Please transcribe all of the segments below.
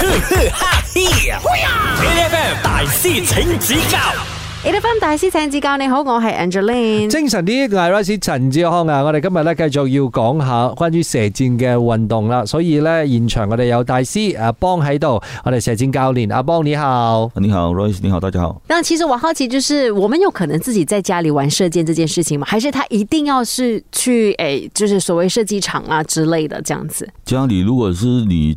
哈哈 大師請指教，A. F. M. 大師請指教。你好，我是，我係 Angelina 精神啲，阿 Rose，陳志康啊！我哋今日咧繼續要講下關於射箭嘅運動啦。所以咧，現場我哋有大師誒 Bong 喺度，我哋射箭教練，阿 Bong 你好，你好 Rose 你好，大家好。但其實我好奇，就是我們有可能自己在家裏玩射箭這件事情嗎？還是他一定要是去誒、哎，就是所謂射擊場啊之類的這樣子？家裏如果是你。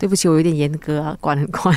對不起，我有點嚴格，管管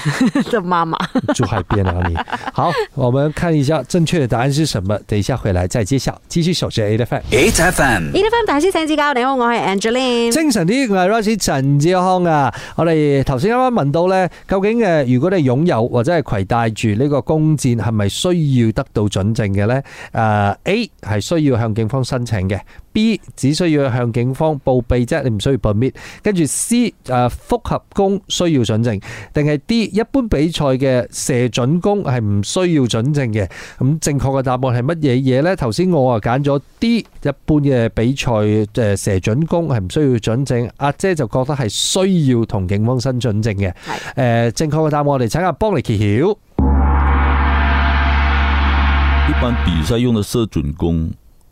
的媽媽住海邊啊，你 好，我們看一下正確的答案是什麼。等一下回來再揭曉。支持數字 8FM，8FM，8FM 大師請指教。你好，我係 Angeline。精神啲我係 Rosie 陳志康啊。我哋頭先啱啱問到咧，究竟誒，如果你擁有或者係攜帶住呢個弓箭，係咪需要得到準證嘅咧？誒、uh，A 係需要向警方申請嘅。B 只需要向警方報備啫，你唔需要 permit。跟住 C 誒複合弓需要準證，定係 D 一般比賽嘅射準弓係唔需要準證嘅。咁正確嘅答案係乜嘢嘢咧？頭先我啊揀咗 D 一般嘅比賽誒射準弓係唔需要準證。阿姐就覺得係需要同警方申準證嘅。係正確嘅答案，我哋請阿 Bong 揭曉。一般比賽用嘅射準弓。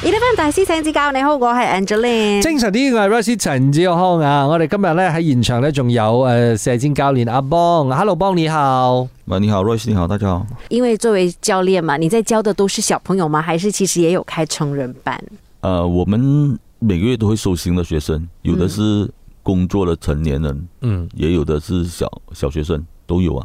伊大師請指教，你好，我係 Angeline。係 r 陳康啊，我哋今日咧喺現場咧仲有誒射箭教練阿 Bong，Hello Bong，你好，你好 r 你好，大家好。因為作為教練嘛，你在教的都是小朋友嗎？還是其實也有開成人班？呃，我們每個月都會收新的學生，有的是工作的成年人，嗯，也有的是小小學生，都有啊。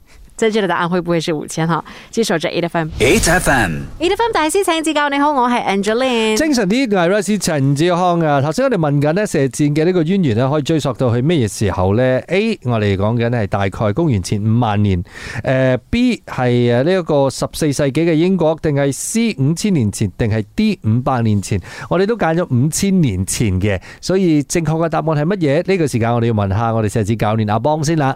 射箭的答案會不會是五千？嗬，接收者 eight FM，eight FM，eight FM，大師請指教你。你好，我係 Angeline。精神啲係律師陳志康啊。頭先我哋問緊呢射箭嘅呢個淵源咧，可以追溯到去咩時候咧？A 我哋講緊咧係大概公元前五萬年。誒，B 係誒呢一個十四世紀嘅英國，定係 C 五千年前，定係 D 五百年前？我哋都揀咗五千年前嘅，所以正確嘅答案係乜嘢？呢、呢個時間我哋要問下我哋射箭教練阿邦先啦。